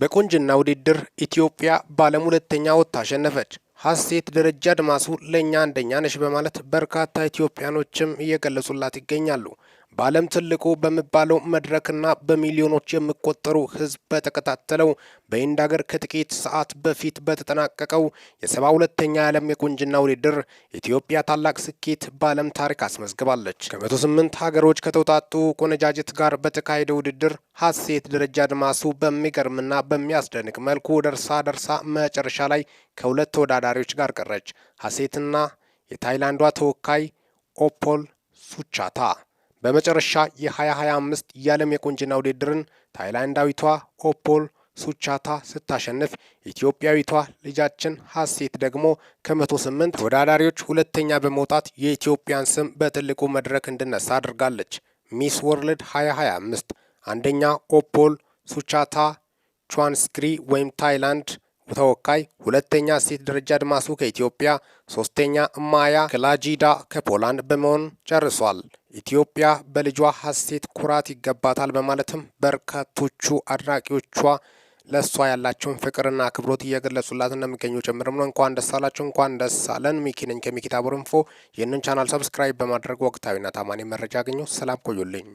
በቁንጅና ውድድር ኢትዮጵያ በዓለም ሁለተኛ ወጥታ አሸነፈች። ሀሴት ደረጃ አድማሱ ለእኛ አንደኛ ነሽ በማለት በርካታ ኢትዮጵያኖችም እየገለጹላት ይገኛሉ። በዓለም ትልቁ በሚባለው መድረክና በሚሊዮኖች የሚቆጠሩ ሕዝብ በተከታተለው በህንድ ሀገር ከጥቂት ሰዓት በፊት በተጠናቀቀው የሰባ ሁለተኛ የዓለም የቁንጅና ውድድር ኢትዮጵያ ታላቅ ስኬት በዓለም ታሪክ አስመዝግባለች። ከመቶ ስምንት ሀገሮች ከተውጣጡ ቆነጃጅት ጋር በተካሄደ ውድድር ሀሴት ደረጃ አድማሱ በሚገርምና በሚያስደንቅ መልኩ ደርሳ ደርሳ መጨረሻ ላይ ከሁለት ተወዳዳሪዎች ጋር ቀረች። ሀሴትና የታይላንዷ ተወካይ ኦፖል ሱቻታ በመጨረሻ የ2025 የዓለም የቁንጅና ውድድርን ታይላንዳዊቷ ኦፖል ሱቻታ ስታሸንፍ ኢትዮጵያዊቷ ልጃችን ሀሴት ደግሞ ከመቶ ስምንት ተወዳዳሪዎች ሁለተኛ በመውጣት የኢትዮጵያን ስም በትልቁ መድረክ እንድነሳ አድርጋለች። ሚስ ወርልድ 2025 አንደኛ ኦፖል ሱቻታ ቹዋንስክሪ ወይም ታይላንድ ተወካይ፣ ሁለተኛ ሴት ደረጃ አድማሱ ከኢትዮጵያ፣ ሶስተኛ ማያ ክላጂዳ ከፖላንድ በመሆን ጨርሷል። ኢትዮጵያ በልጇ ሀሴት ኩራት ይገባታል በማለትም በርካቶቹ አድናቂዎቿ ለእሷ ያላቸውን ፍቅርና አክብሮት እየገለጹላት እንደሚገኙ ጭምርም ነው። እንኳን ደስ አላቸው፣ እንኳን ደስ አለን። ሚኪ ነኝ ከሚኪታቦር ይህንን ቻናል ሰብስክራይብ በማድረግ ወቅታዊና ታማኝ መረጃ አገኙ። ሰላም ቆዩልኝ።